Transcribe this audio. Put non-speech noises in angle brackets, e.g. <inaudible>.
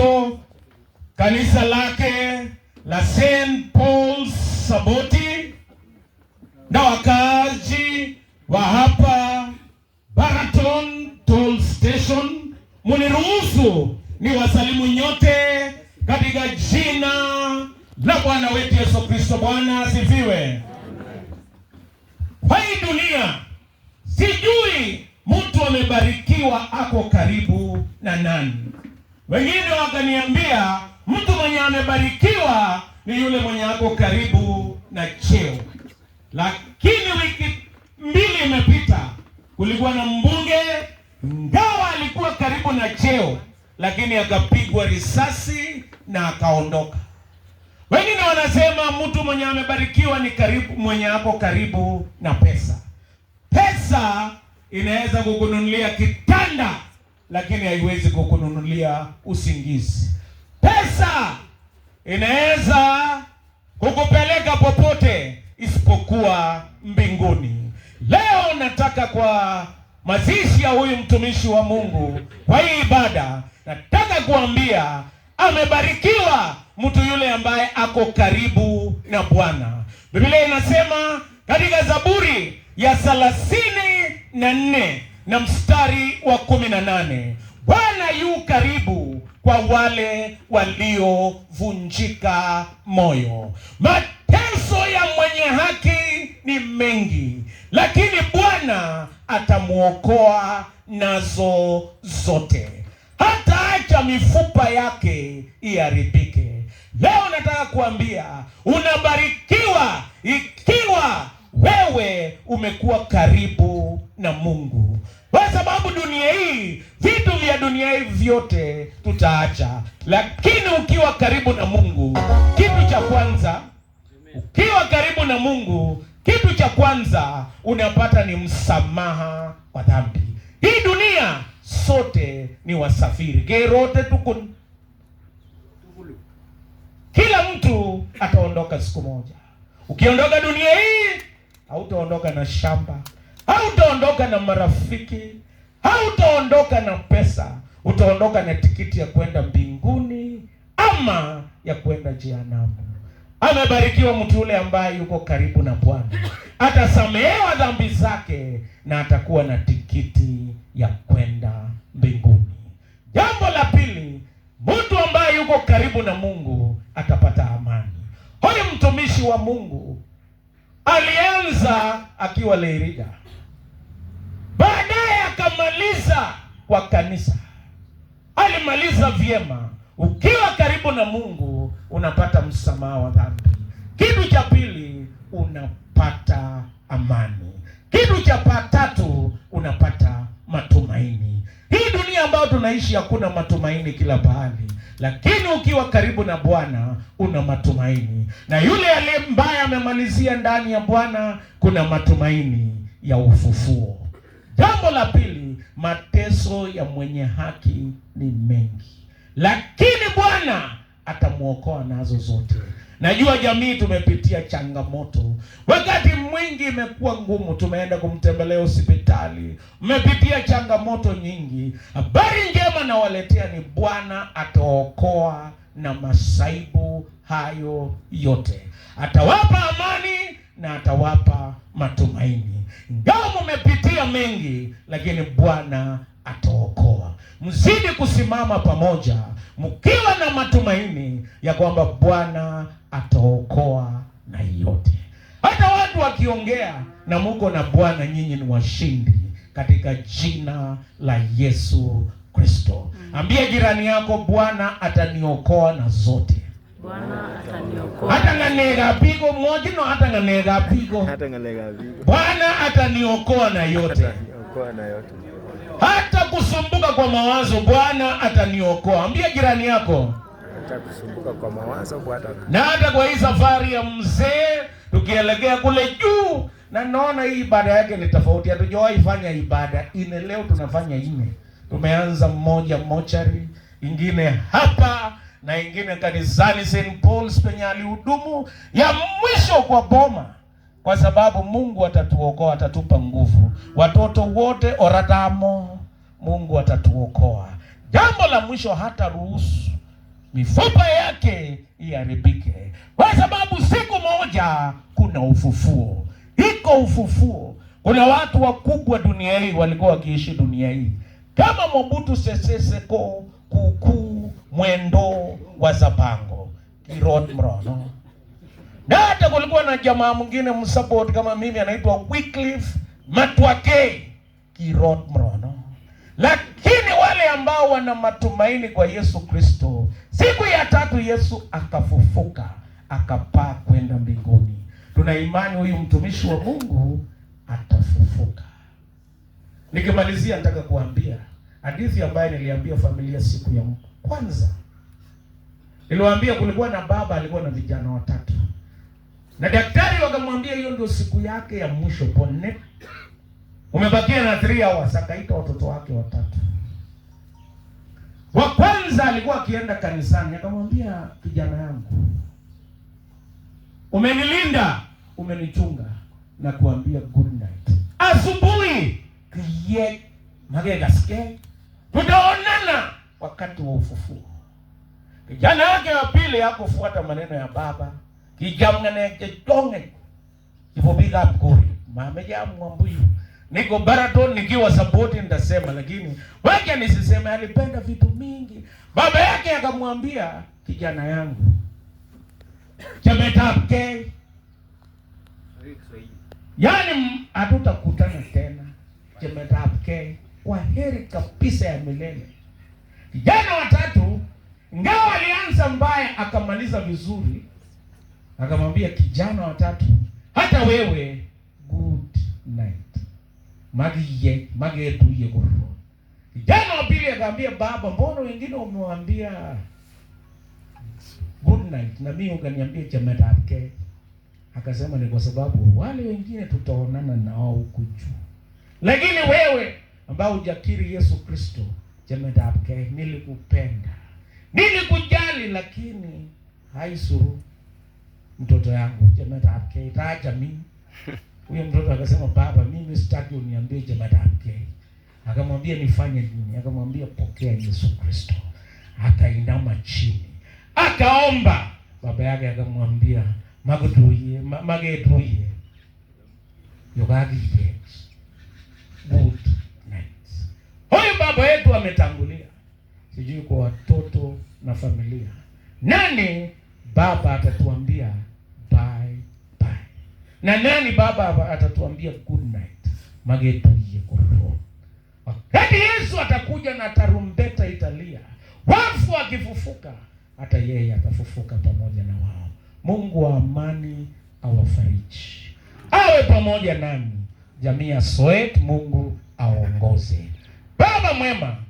Kristo, kanisa lake la St. Paul Saboti na wakaaji wa hapa Baraton Toll Station, muniruhusu ni wasalimu nyote katika jina la Bwana wetu Yesu Kristo. Bwana asifiwe. Kwa hii dunia sijui mtu amebarikiwa ako karibu na nani wengine wakaniambia mtu mwenye amebarikiwa ni yule mwenye ako karibu na cheo. Lakini wiki mbili imepita, kulikuwa na mbunge ingawa alikuwa karibu na cheo, lakini akapigwa risasi na akaondoka. Wengine wanasema mtu mwenye amebarikiwa ni karibu, mwenye ako karibu na pesa. Pesa inaweza kukununulia kitanda lakini haiwezi kukununulia usingizi. Pesa inaweza kukupeleka popote isipokuwa mbinguni. Leo nataka kwa mazishi ya huyu mtumishi wa Mungu, kwa hii ibada, nataka kuambia amebarikiwa mtu yule ambaye ako karibu na Bwana. Biblia inasema katika Zaburi ya thelathini na nne na mstari wa kumi na nane Bwana yu karibu kwa wale waliovunjika moyo. Mateso ya mwenye haki ni mengi, lakini Bwana atamwokoa nazo zote. Hata acha mifupa yake iharibike. Leo nataka kuambia unabarikiwa ikiwa wewe umekuwa karibu na Mungu, kwa sababu dunia hii, vitu vya dunia hii vyote tutaacha, lakini ukiwa karibu na Mungu, kitu cha kwanza, ukiwa karibu na Mungu, kitu cha kwanza unapata ni msamaha wa dhambi. Hii dunia sote ni wasafiri gerote tukun, kila mtu ataondoka siku moja. Ukiondoka dunia hii hautaondoka na shamba, hautaondoka na marafiki, hautaondoka na pesa, utaondoka na tikiti ya kwenda mbinguni ama ya kwenda jehanamu. Amebarikiwa mtu yule ambaye yuko karibu na Bwana, atasamehewa dhambi zake na atakuwa na tikiti ya kwenda mbinguni. Jambo la pili, mtu ambaye yuko karibu na Mungu atapata amani. Huyu mtumishi wa Mungu alianza akiwa Leirida, baadaye akamaliza kwa kanisa. Alimaliza vyema. Ukiwa karibu na Mungu unapata msamaha wa dhambi. Kitu cha pili, unapata amani. Kitu cha tatu, unapata matumaini. Hii dunia ambayo tunaishi hakuna matumaini kila pahali. Lakini ukiwa karibu na Bwana una matumaini, na yule aliye mbaya amemalizia ndani ya Bwana kuna matumaini ya ufufuo. Jambo la pili, mateso ya mwenye haki ni mengi, lakini Bwana atamwokoa nazo zote. Najua jamii tumepitia changamoto, wakati mwingi imekuwa ngumu, tumeenda kumtembelea hospitali, mmepitia changamoto nyingi. Habari njema nawaletea ni Bwana ataokoa na masaibu hayo yote, atawapa amani na atawapa matumaini. Ingawa mumepitia mengi, lakini Bwana ataokoa mzidi kusimama pamoja, mkiwa na matumaini ya kwamba Bwana ataokoa na yote, hata watu wakiongea na muko na Bwana, nyinyi ni washindi katika jina la Yesu Kristo. Ambia jirani yako, Bwana ataniokoa na zote. Hata nganega pigo moja no hata nganega pigo. Hata nganega pigo. Bwana ataniokoa na yote. Ataniokoa na yote hata kusumbuka kwa mawazo, Bwana ataniokoa. Ambia jirani yako, hata kusumbuka kwa mawazo Bwana. Na hata kwa hii safari ya mzee tukielekea kule juu, na naona hii ibada yake ni tofauti. Hatujawahi fanya ibada ine, leo tunafanya ine. Tumeanza mmoja mochari, ingine hapa na ingine kanisani St Paul's penye alihudumu, ya mwisho kwa Boma, kwa sababu Mungu atatuokoa, atatupa nguvu watoto wote oratamo Mungu atatuokoa. Jambo la mwisho, hata ruhusu mifupa yake iharibike, kwa sababu siku moja kuna ufufuo. Iko ufufuo. Kuna watu wakubwa dunia hii walikuwa wakiishi dunia hii kama Mobutu Sese Seko, Kuku Mwendo wa Zapango, Kirot Mrono, na hata kulikuwa na jamaa mwingine msupport kama mimi anaitwa Wycliffe Matwake Kirot Mrono lakini wale ambao wana matumaini kwa Yesu Kristo, siku ya tatu Yesu akafufuka, akapaa kwenda mbinguni. Tuna imani huyu mtumishi wa Mungu atafufuka. Nikimalizia, nataka kuambia hadithi ambayo niliambia familia siku ya kwanza. Niliwaambia kulikuwa na baba alikuwa na vijana watatu, na daktari wakamwambia hiyo ndio siku yake ya mwisho, ponne umebakia na 3 hours, akaita watoto wake watatu. Wa kwanza alikuwa akienda kanisani, akamwambia kijana yangu, umenilinda, umenichunga na kuambia good night. Asubuhi kiye gaske tutaonana wakati wa ufufuo. Kijana wake wa pili hakufuata maneno ya baba kijamnanekechonge ivoviga mgori mameja mwambuyu niko Baraton nikiwa support nitasema, lakini wake nisiseme. Alipenda vitu mingi. Baba yake akamwambia, kijana yangu, chemetapke, yaani hatutakutana tena, chemetapke, kwa heri kabisa ya milele. Kijana watatu ngao alianza mbaya akamaliza vizuri, akamwambia kijana watatu, hata wewe good night magiye magetuye goro. Kijana wa akaambia baba, mbono wengine umewambia good night na mimi ukaniambia chamatake? Akasema ni kwa sababu wale wengine tutaonana nao huku juu, lakini wewe ambao ujakiri Yesu Kristo, chemetake nilikupenda nilikujali, lakini haisuru mtoto yangu chamatake itaacha mimi <laughs> Huyo mtoto akasema, baba, mimi sitaki uniambie Jemedamke. Akamwambia, nifanye nini? Akamwambia, pokea Yesu Kristo. Akainama chini akaomba. Baba yake akamwambia, magutuye magetuye yogagiye good night. Huyu baba yetu ametangulia, sijui kwa watoto na familia, nani baba atatuambia na nani baba atatuambia good night? magetulie kwa Wakati Yesu atakuja na tarumbeta italia, wafu akifufuka, hata yeye atafufuka pamoja na wao. Mungu wa amani awafariji, awe pamoja nani Jamii ya Soet, Mungu aongoze. Baba mwema